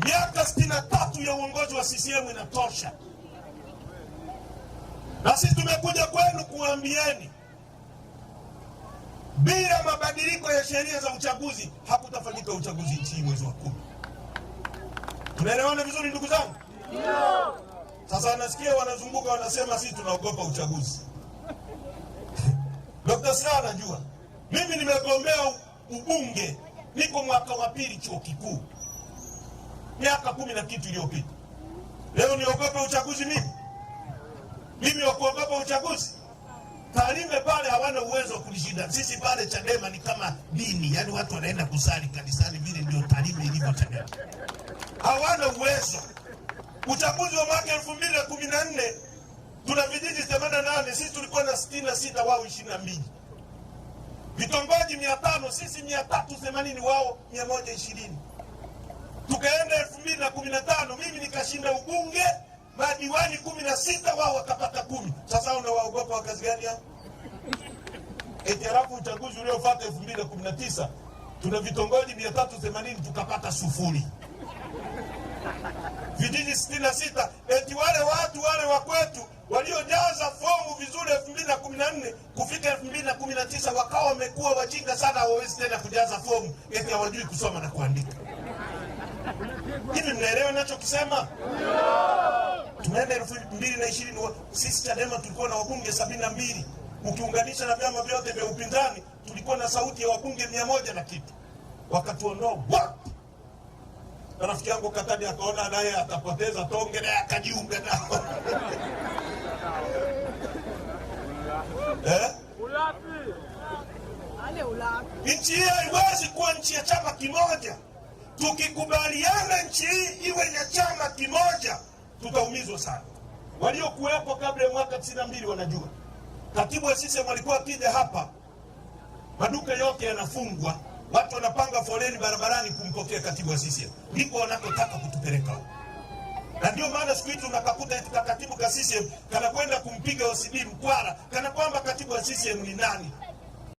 Miaka sitini na tatu ya uongozi wa CCM inatosha, na sisi tumekuja kwenu kuambieni, bila mabadiliko ya sheria za uchaguzi hakutafanyika uchaguzi nchini mwezi wa kumi. Tunaelewana vizuri ndugu zangu? Sasa nasikia wanazunguka wanasema sisi tunaogopa uchaguzi. d Slaa anajua mimi nimegombea ubunge, niko mwaka wa pili chuo kikuu miaka kumi na kitu iliyopita. Leo niogope uchaguzi mimi? Mimi wakuogopa uchaguzi? Tarime pale hawana uwezo wa kulishinda sisi. Pale Chadema ni kama dini, yaani watu wanaenda kusali kanisani, vile ndio Tarime ilivyo. Chadema hawana uwezo. Uchaguzi wa mwaka elfu mbili na kumi na nne tuna vijiji 88 sisi tulikuwa na 66 wao 22 vitongoji 500 sisi 380 wao 120 Tukaenda elfu mbili na kumi na tano mimi nikashinda ubunge, madiwani kumi na sita wao wakapata kumi. Sasa unawaogopa wakazi gani hao? Eti halafu uchaguzi uliofata elfu mbili na kumi na tisa tuna vitongoji mia tatu themanini tukapata sufuri vijiji sitini na sita eti wale watu wale wa kwetu waliojaza fomu vizuri elfu mbili na kumi na nne kufika elfu mbili na kumi na tisa wakawa wamekuwa wajinga sana, hawawezi tena kujaza fomu, eti hawajui kusoma na kuandika. Hivi mnaelewa nachokisema Tunaenda elfu mbili na ishirini, sisi Chadema tulikuwa na wabunge sabini na mbili ukiunganisha na vyama vyote vya upinzani tulikuwa na sauti ya wabunge mia moja na kitu, wakatuondoa wapi? Na rafiki yangu Katani akaona naye atapoteza tonge, naye akajiunga nao eh? Nchi hiyo haiwezi kuwa nchi ya chama kimoja. Tukikubaliana nchi hii iwe na chama kimoja, tutaumizwa sana. Waliokuwepo kabla ya mwaka 92 wanajua. Katibu wa CCM alikuwa akija hapa, maduka yote yanafungwa, watu wanapanga foleni barabarani kumpokea katibu wa CCM. Ndipo wanakotaka kutupeleka na ndio maana siku hizi unakakuta eti katibu ka CCM kanakwenda kumpiga OCD Mkwara, kana kwamba katibu wa CCM ni nani?